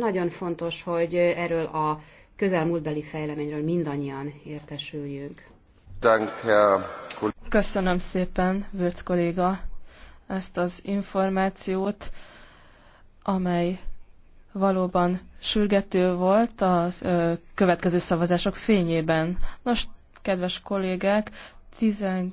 Nagyon fontos, hogy erről a közelmúltbeli fejleményről mindannyian értesüljünk. Uh, Köszönöm szépen, Vörc kolléga, ezt az információt, amely valóban sürgető volt a következő szavazások fényében. Nos, kedves kollégák, 12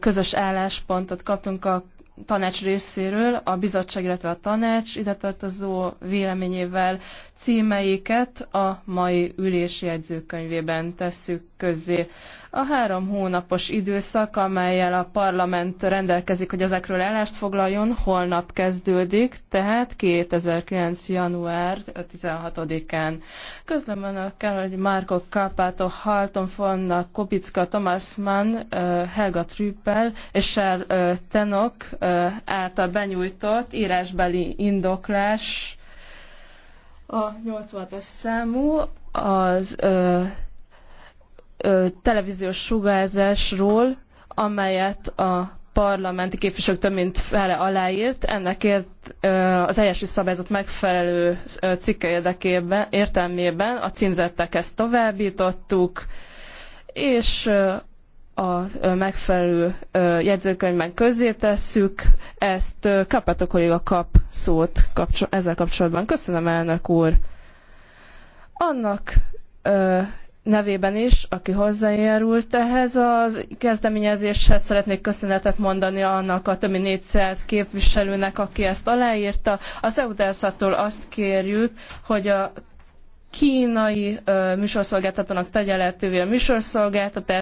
közös álláspontot kaptunk a tanács részéről a bizottság, illetve a tanács ide tartozó véleményével címeiket a mai ülési jegyzőkönyvében tesszük közzé. A három hónapos időszak, amelyel a parlament rendelkezik, hogy ezekről állást foglaljon, holnap kezdődik, tehát 2009. január 16-án. Közlöm önökkel, hogy Márko Kápátó, Halton Fonna, Kopicka, Thomas Mann, Helga Trüppel és Sár Tenok által benyújtott írásbeli indoklás a 86 os számú az ö, ö, televíziós sugárzásról, amelyet a parlamenti képviselők több mint fele aláírt, ennek ért, az eljárási szabályzat megfelelő cikke érdekében, értelmében a címzettek ezt továbbítottuk, és a megfelelő jegyzőkönyvben közzé tesszük. Ezt Kapato a kap szót ezzel kapcsolatban. Köszönöm, elnök úr! Annak nevében is, aki hozzájárult ehhez a kezdeményezéshez, szeretnék köszönetet mondani annak a több mint 400 képviselőnek, aki ezt aláírta. Az EUDELSZ-tól azt kérjük, hogy a kínai ö, műsorszolgáltatónak tegye lehetővé a műsorszolgáltatást,